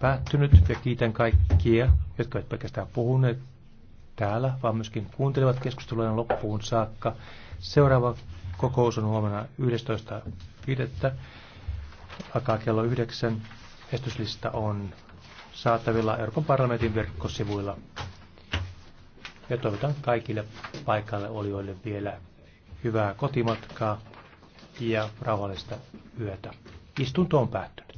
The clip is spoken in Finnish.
päättynyt ja kiitän kaikkia, jotka eivät pelkästään puhuneet täällä, vaan myöskin kuuntelevat keskustelujen loppuun saakka. Seuraava kokous on huomenna 11.5. Alkaa kello 9. Estyslista on saatavilla Euroopan parlamentin verkkosivuilla. Ja toivotan kaikille paikalle olijoille vielä hyvää kotimatkaa ja rauhallista yötä. Istunto on päättynyt.